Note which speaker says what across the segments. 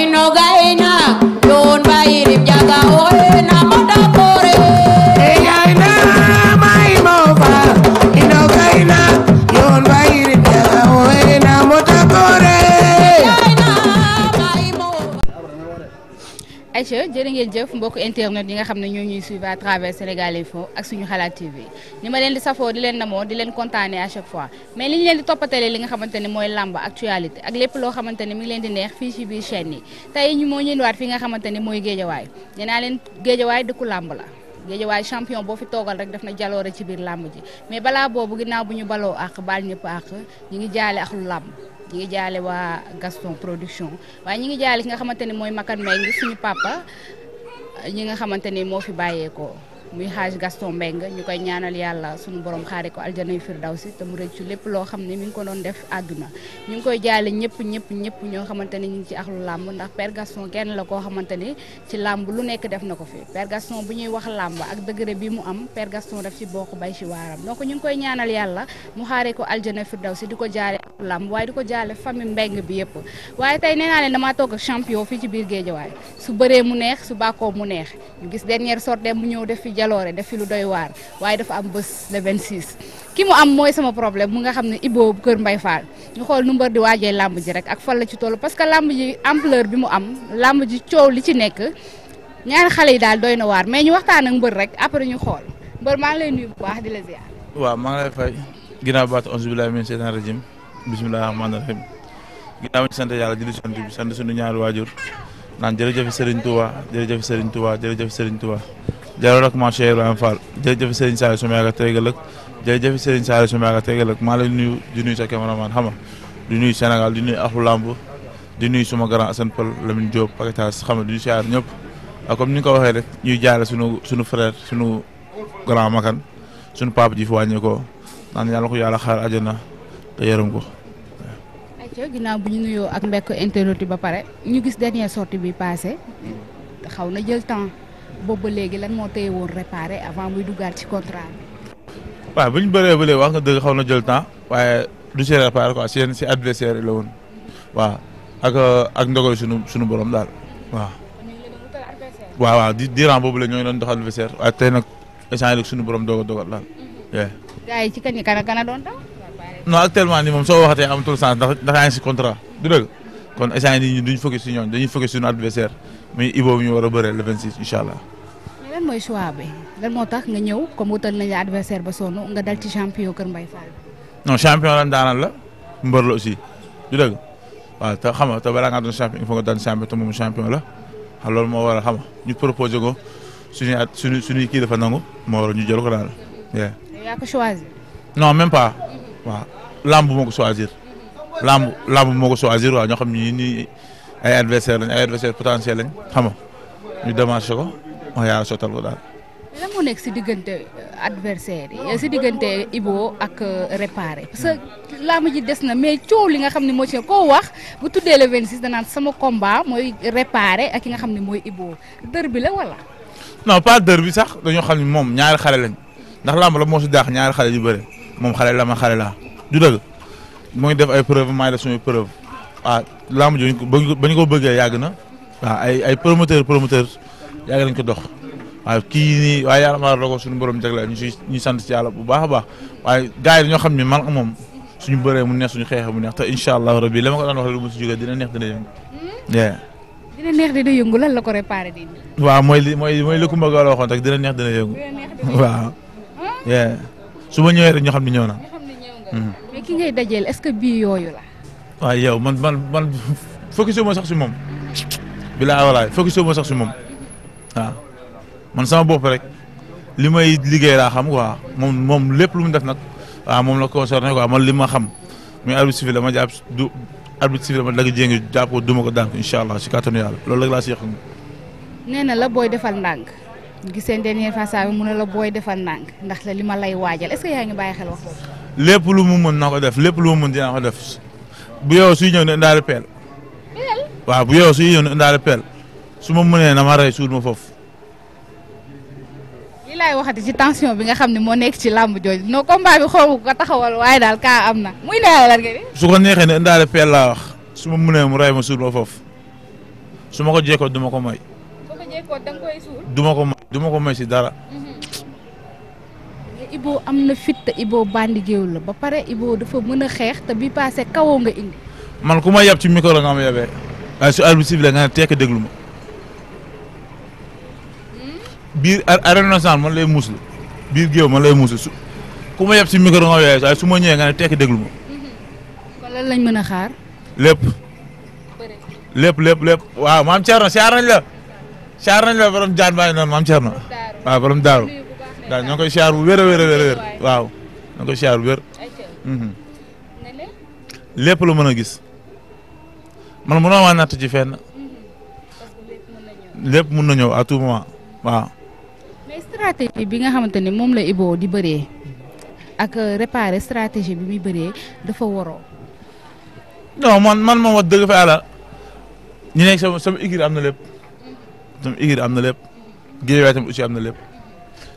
Speaker 1: inoga ina yon ba irip jaga oy na Aïcha jërë ngeen jëf mbokk internet yi nga xam ne ñoo ñuy suivre à travers Sénégal Info ak suñu xalaat TV ni ma leen di safoo di leen namoo di leen kontaanee à chaque fois mais leen di toppatalee li nga xamante ne mooy làmb actualité ak lépp loo xamante ne mi ngi leen di neex fii ci biir chaîne yi tey ñu moo ñeen waat fi xamante ne mooy géejawaay nee naa leen géejawaay dëkku làmb la géejawaay champion boo fi toogal rek def na jaloore ci biir làmb ji mais balaa boobu ginnaaw bu ñu baloo àq baal ñëpp àq ñu ngi jaale ak lu làmb ñi ngi jaale waa Gaston production waaye ñi ngi jaale ki nga xamante ni mooy Makan Mbengue suñu papa ñi nga xamante ni moo fi bàyyeekoo. muy xaaj Gaston Mbengue ñu koy ñaanal yàlla sunu borom xaare ko aljanay firdawsi te mu rëccu lépp loo xam ne mi ngi ko doon def àdduna ñu ngi koy jaale ñëpp ñëpp ñëpp ñoo xamante ne ñu ngi ci axlu làmb ndax Père Gaston kenn la koo xamante ne ci làmb lu nekk def na ko fi Père Gaston bu ñuy wax làmb ak degré bi mu am Père Gaston def ci bokk bay ci waaram donc ñu ngi koy ñaanal yàlla mu xaare ko aljanay firdawsi di ko jaale axlu làmb waaye di ko jaale famille Mbengue bi yëpp waaye tey nee naa leen damaa toog ak champion fii ci biir Géejawaay su bëree mu neex su bàkkoo mu neex ñu gis dernière sortie mu ñëw def fi jaloore def fi lu doy waar waaye dafa am bés le 26. ki mu am mooy sama problème mu nga xam ne Ibo Kër Mbay Fall ñu xool nu mbër di waajee làmb ji rek ak fan la ci toll parce que làmb ji ampleur bi mu am làmb ji coow li ci nekk ñaari xale yi daal doy na waar mais ñu waxtaan ak mbër rek après ñu xool mbër maa ngi lay nuyu bu baax di la ziar.
Speaker 2: waaw maa ngi lay fay ginnaaw baatu onze billahi min seytaan rajim bismillahi rahmaani rahim ginnaaw ñu sant yàlla jaaroo ak maam Cheikh Ibrahima Fall jërëjëf Serigne Saliou sama yaakaar tey ëllëg jërëjëf Serigne Saliou sama yaakaar tey ëllëg maa lay nuyu di nuyu sa cameraman xam nga di nuyu Sénégal di nuyu axlu làmb di ak ah, ni nga ko waxee rek ñuy jaare sunu sunu frère sunu grand makan sunu papa ji fi wàññi ko naan yàlla ko yàlla xaar àjjana te yërëm ko.
Speaker 1: ayca ginnaaw bu ñu nuyoo ak mbekk internet ba pare ñu gis dernière sortie bi passé xaw na jël temps. boobu ba léegi lan moo téye woon réparé avant muy duggaat ci contrat bi.
Speaker 2: waaw bu ñu bëree ba léegi wax nga dëgg xaw na jël temps waaye du si réparé quoi si yenn adversaire la woon waaw ak ak ndogal sunu sunu borom daal waa waaw waaw di diiran boobu la ñoo ngi doon dox adversaire waaye tey nag échange rek sunu borom doog a dogal daal. Mm-hmm.
Speaker 1: gars yi ci kañ kana kana doon daw.
Speaker 2: non actuellement nii moom soo waxatee amatul sens ndax ndax yaa ngi si contrat du dëgg kon échange yi duñ focus si ñooñ dañuy ñu war a bëree le 26 incha allah.
Speaker 1: lan mooy choix bi moo tax nga ñëw comme wutal nañ la adversaire ba sonn nga dal ci champion Kër Mbaye Fall.
Speaker 2: non champion lan daanal la mbër la aussi du dëgg waaw te xam nga te balaa ngaa doon champion il faut nga daan champion la xam loolu moo waral xam ñu proposé ko suñuy at suñu suñuy kii dafa nangu moo ñu jël ko daal. yaa ko choisir. non même pas waaw lamb moo ko choisir. lamb lamb moo ko choisir waaw ñoo xam ñi nii ay adversaire lañ ay adversaire potentiel lañ xam nga ñu démarché ko. Oh, yaa sottal ko daal.
Speaker 1: lan moo si diggante euh, adversaire yi si diggante Ibo ak euh, Réparé parce que laamu ji des na mais coow li nga xam ne moo ci koo wax bu tuddee le 26 danaan sama combat mooy Réparé ak ki nga xam ne mooy Ibo dër bi la wala.
Speaker 2: non pas dër bi sax dañoo xam ne moom ñaar xale lañ ndax lamb la moo si daax ñaar xale yu bëri moom xale la ma xale la du dëgg mu ngi def ay preuve maay def suñu preuve ah, lamb ji ba ñu ko bëggee yàgg na waaw ah, ay ay promoteur promoteur yàgg nañ ko dox waaw kii ni waaye yàlla maa dogal suñu borom jagleel ñu si ñu sant si yàlla bu baax a baax waaye gars yi ñoo xam ne man ak moom suñu bëree mu neex xeex xeexee mu neex te incha allah rabbi la ma ko daan wax rek mu si jógee dina neex dina yëngu.
Speaker 1: Hmm? ko réparé di.
Speaker 2: waaw mooy li mooy mooy li Coumba Gawlo waxoon rek dina neex dina yëngu. waaw. su ma ñëwee rek ñoo xam ne ñëw na. Hmm.
Speaker 1: mais dajeel est bii yooyu la.
Speaker 2: waaw yow man man man focus si moom. bilaa walaay focus moo sax si moom. waaw man sama bopp rek li may liggéey laa xam quoi moom moom lépp lu mu def nag waaw moom la concerné quoi man li ma xam muy arbitre civil la ma jàpp du arbitre civil la ma dagg jéngi jàpp ko duma ko dànk incha allah si kàttanu yàlla loolu rek laa si yàqu.
Speaker 1: nee na la booy defal ndànk booy defal ndànk ndax li ma lay waajal est ce yaa ngi bàyyi xel wax
Speaker 2: lépp lu mu mën naa ko def lépp lu mu mën dinaa ko def bu yow suy ñëw ne indaale peel. waaw bu yow suy ñëw ne indaale peel. su ma mënee na ma rey suul ma foofu.
Speaker 1: lii laay waxati ci tension bi nga xam ne moo nekk ci làmb jooju non combat bi xoogu ko taxawal waaye daal kaa am na muy ko
Speaker 2: neexee ne indaale peel laa wax su ma mënee mu ma suul ma ma ko jékkoon du ko may.
Speaker 1: su ko jékkoon
Speaker 2: da ko may si dara. Mm-hmm.
Speaker 1: Ibo am na fit te Ibo bandi géew la ba pare Ibo dafa mën a xeex te bi paase kawoo nga indi.
Speaker 2: man ku ma yab ci micro nga ma yabee. waaye su arbitre nga ne tekk déglu biir arène nationale man lay muus la biir géew ma lay muus la ku ma yeb si micro nga yooyee waaye su ma ñëwee nga ne tekki déglu ma. Mm-hmm.
Speaker 1: kon lan lañ mën a xaar.
Speaker 2: lépp. lépp lépp lépp la. siyaar nañ la jaan baa ngi noonu maam Thierno. waaw borom daaru ñoo ngi koy siyaar bu wér waaw ñoo ngi koy siyaar bu wér. Mm-hmm. lépp lu mën a gis. man mënoo maa natt ci fenn. Mm-hmm. lépp mën na ñëw à tout moment
Speaker 1: mais bi nga xamante ni moom la Ibo di bëree ak réparer stratégie bi muy bëree dafa waroo.
Speaker 2: non man man moom wax dëgg fa yàlla ñu nekk sama sama équipe am na lépp sama équipe am na lépp Guédiawaye tamit aussi am na lépp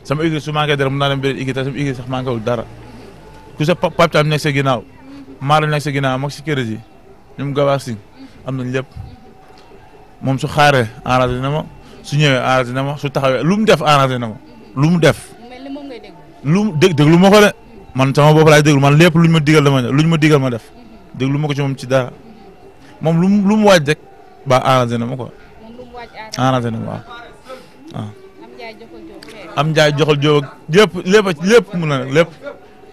Speaker 2: sama équipe su manqué dara mun naa dem beneen équipe wul dara ku sa Pape Thiam nekk sa ginnaaw Mara nekk sa ginnaaw mag si kër yi ñoom Gabassine am nañ lépp moom su xaaree arrangé na ma. su ñëwee arrangé na ma su taxawee lu mu def arrangé na ma lu mu def. lu mu dégg ma ko de man sama bopp laay déglu man lépp luñ ma digal dama luñ ma digal def déglu ma ko ci moom ci dara moom lu mu lu mu waaj rek ba arrangé na ma ko arrangé na ma waaw waaw. Ah. am njaay joxal jóg lépp lépp lépp mun na lépp.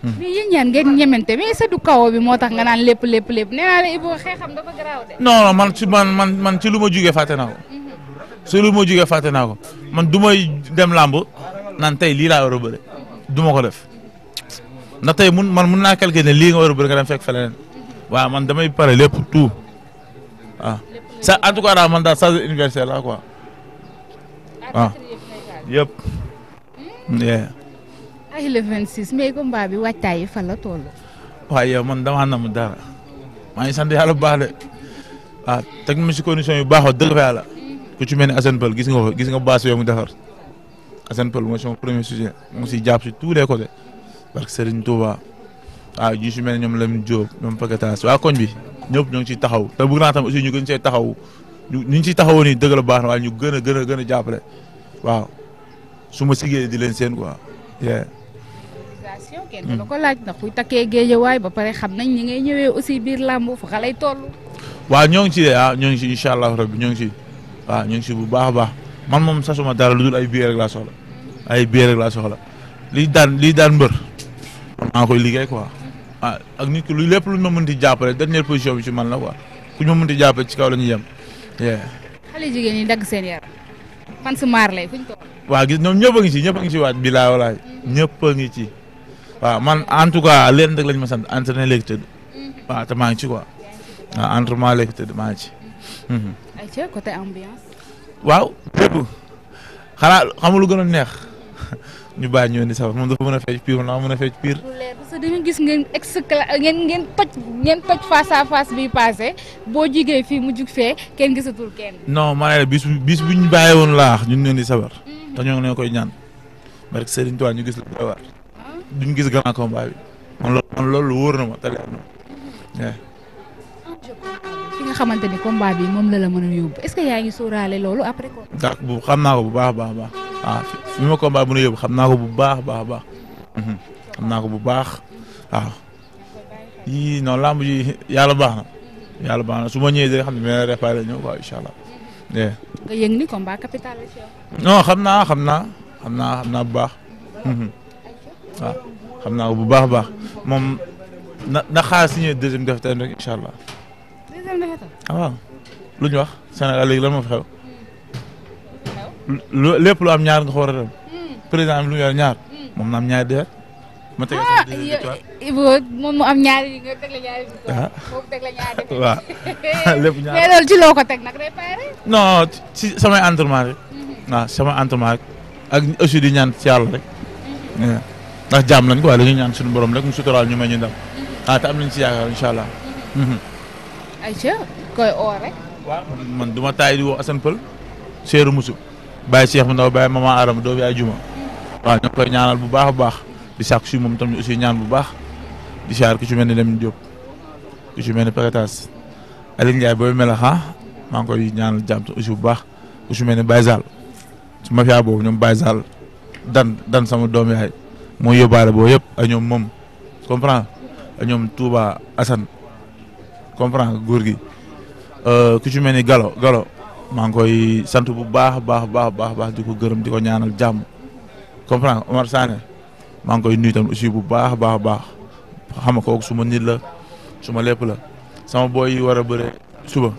Speaker 2: Hmm.
Speaker 1: mais yéen ñaan ngeen kawo bi moo tax nga naan lépp lépp lépp
Speaker 2: man ci man man man ci lu ma jugee fàtte naa ko. Hmm. su lu ma jógee naa ko man du may dem làmb naan tey lii laa war a duma ko def na tey mun man mun naa calculer ne lii nga war a bëre nga dem fekk feneen waaw man damay pare lépp tout waaw ça en tout cas daal man daal stage universitaire la quoi waaw ah. yëpp. Hmm?
Speaker 1: ay le 26 mais combat bi waajtaay yi fan la toll.
Speaker 2: waaye yow man na mu dara maa ngi sant yàlla bu baax de waaw teg ma si condition yu baaxoo ku ci mel ne Assane Pall gis nga ko gis nga baas yooyu mu defar Assane Pall mooy sama premier sujet mu ngi siy jàpp si tous les côtés parce que Serigne Touba waaw ah, ñu si mel ne ñoom Lamine Diop ñoom Paquetas waa koñ bi ñëpp ñoo ciy taxaw te bëgg naa tam aussi ñu gën see taxaw ni ñu ciy taxawoo nii dëgg la baax na waaye ñu gën a gën a gën jàppale waaw su ma sigee di leen seen quoi.
Speaker 1: organisation kenn du la ko laaj ndax kuy takkee géejewaay ba pare xam nañ ñi ngay ñëwee aussi biir làmb
Speaker 2: ñoo ngi ci de ah ñoo ngi ci incha allah rabbi ñoo ngi ci waaw ah, ñu ngi si bu baax a baax man moom sasuma dara lu dul ay biir rek laa soxla ay biir rek laa soxla lii daan lii daan mbër man maa koy liggéey quoi a ah, ak nit ki lu lépp lu ñu ma mënti jàppale dernière position bi ci man la quoi ku ñu mun mënti jàppale ci kaw la ñuy yem.
Speaker 1: xale jigéen ñi dagg seen yaram man maar lay fuñ
Speaker 2: waa gis noom ñëpp a ngi ci ñëpp a ngi ci waat bi laa walaay ñëpp a ci waaw man en tout cas leen rek lañ ma sant entraîné léegi tëdd mhm. waaw te maa ngi ci quoi waaw entraînement léegi tëdd maa ngi
Speaker 1: ayca côté ambiance.
Speaker 2: waaw lépp xamul lu gën a neex ñu bàyyi ñu indi safar moom dafa mën a fecc pire naa mën a fecc pire.
Speaker 1: parce gis ngeen excla ngeen boo jigee fii mu jug fee kenn gisatul kenn.
Speaker 2: non ma ne la bis bu ñu bàyyi woon laax ñun ñoo di safar. Mhm. te ñoo ngi koy ñaan. barke Serigne ñu gis la doy ah. gis grand combat bi. man loolu man na ma te leer na ma. Mhm.
Speaker 1: xamante ni combat bi moom la la a yóbbu est ce que yaa ngi sóoraale loolu ah,
Speaker 2: bu xam naa ko bu baax a baax baax ah fi ma combat mën xam naa ko bu baax baax baax mhm. xam naa ko bu baax waaw ah. yii làmb ji yàlla baax na baax na su ma ñëwee dina xam ne mën na réparé ñëw allah. nga
Speaker 1: yëg xam naa
Speaker 2: xam naa xam naa xam naa bu baax waaw mhm. ah, xam naa ko bu baax a baax moom na na xaar si ñëw deuxième def tey rek incha Ah waaw lu ñu wax Sénégal léegi la moo xew. lépp lu am ñaar nga xool dem hmm. président bi ñaar hmm. moom na ñaar
Speaker 1: ñaari ah, moom teg
Speaker 2: ah. waaw lépp ñaar mais loolu ci loo ko teg nag réparé non ci samay rek hmm. waaw samay entraînement rek ak di ñaan ci yàlla rek ndax jaam lañ ko waaye dañuy ñaan suñu borom rek mu suturaal ñu may ñu ndam ah te am nañ ci yaakaar incha allah
Speaker 1: waa oo rek. waaw
Speaker 2: man du ma taay di woo Assane Pël Seeru Musu Baye Cheikh Ndaw Baye Mama Arama doomu yaay juma waaw ñoo koy ñaanal bu baax a baax di sàkku si moom tam ñu aussi ñaan bu baax di siyaar ku ci mel ni Lamine Diop ku ci mel ni Pagatas Aliou Ndiaye booy koy ñaanal jàmm bu baax ku mel ni Baye Sall su ñoom Baye Sall dan dan sama doom yaay moo yóbbaale boo yëpp a ñoom moom comprendre ak ñoom Touba Assane comprendre góor gi. Euh, ku ci mel ni Galo Galo maa ngi koy sant bu baax baax baax baax baax di ko gërëm di ko ñaanal jàmm comprendre Omar Sané maa ngi koy nuyu tam aussi bu baax baax baax xam nga kooku suma nit la suma lépp la sama booy yi war a bëre suba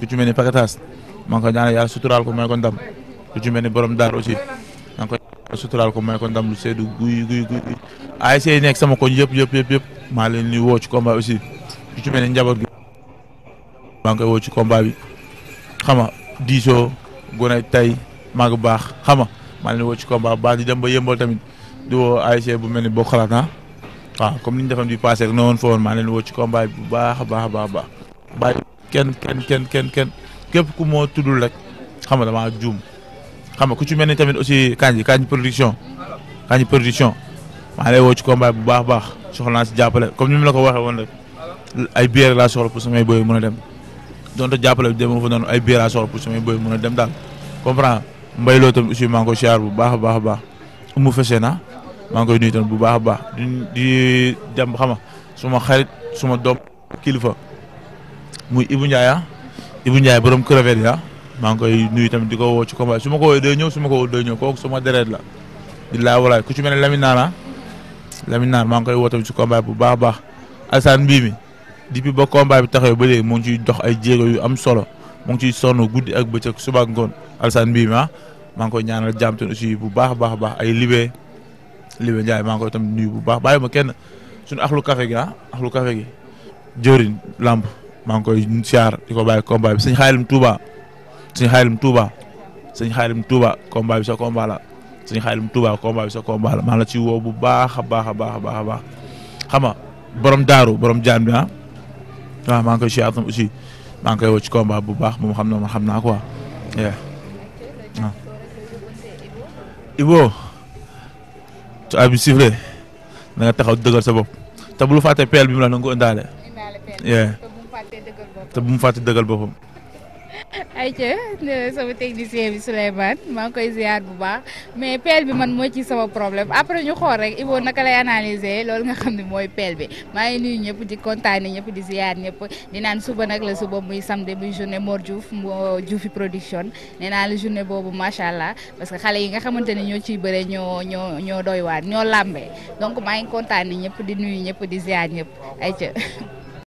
Speaker 2: ku ci mel ni Pakatas maa ngi koy ñaanal yàlla suturaal ko may ko ndam ku ci mel ni borom daar aussi maa ngi koy ko may ko ndam lu seddu guy guy guy nekk sama koñ yëpp maa leen di woo ci aussi ku ci gi maa ngi woo ci combat xam nga diisoo gone tey maa ngi baax xam nga maa leen woo ci combat baax di dem ba yëmbal tamit di woo ASC bu mel ni boo xalaat naa ah. comme ni ñu defoon bi passé rek fa woon maa leen woo ci combat bu baax a baax a baax baax bàyyi kenn kenn kenn kenn kenn képp ku moo tuddul rek xam nga damaa juum xam nga ku ci mel ni tamit aussi Kanji Kanji production Kanji production maa lay woo ci combat bu baax baax soxla naa si jàppale comme ni mu la ko waxee woon rek ay bière laa soxla pour samay boy mën a dem. donte jàppale bi dama fa ay biira soxla pour samay boy mën a dem daal comprendre mbay loo tam aussi maa ngi koy siyaar bu baax baax a baax umu fese na maa ngi koy nuyu tam bu baax baax di di dem suma xarit suma doom kilifa muy Ibou Ndiaye ah. Ibou Ndiaye borom crevette ya ah. maa ngi koy nuyu tamit di ko woo ci combat su ma ko ñëw su ma ko ñëw kooku suma deret la di laa walaay ku ci mel ne Lamine Nara ah. Lamine Nara maa ngi koy woo ci combat bu baax baax Assane mbii mi depuis ba combat bi taxawee ba léegi mu dox ay jéego yu am solo mu ngi ciy sonn guddi ak bëccëg suba ak ngoon alsan bii ma maa ngi koy ñaanal jàmm te aussi bu baax a baax baax ay libee libee Ndiaye maa tam nuyu bu baax bàyyi ma kenn suñu axlu café gi ah axlu gi jëriñ lamb maa ngi koy siyaar di ko bàyyi combat bi sëñ xaalim Touba si xaalim Touba sëñ xaalim Touba combat bi sa combat la sëñ xaalim Touba combat bi sa combat la maa la ci woo bu baax a baax a baax a baax a baax xam borom daaru borom jaan bi ah waaw maa ngi koy siyaar tam aussi maa ngi koy woo ci combat bu baax moom xam na ma xam naa quoi waaw. Ah. Ibo su abi sifle na nga taxaw dëggal sa bopp te bu lu fàtte peel bi mu la na nga ko indaale. te bu mu fàtte dëggal boppam.
Speaker 1: ay ayca sama technicien bi Souleymane maa ngi koy ziar bu baax mais peel bi man moo ci sama problème après ñu xool rek Ibo naka lay analyser loolu nga xam ne mooy peel bi maa ngi nuyu ñëpp di kontaane ñëpp di ziar ñëpp di naan suba nag la suba muy samedi muy journée Mor Diouf moo Diouf production nee naa la journée boobu macha allah parce que xale yi nga xamante ne ñoo ciy bëre ñoo ñoo ñoo doy ñoo làmbee donc maa ngi kontaane ñëpp di nuyu ñëpp di ziar ñëpp ayca.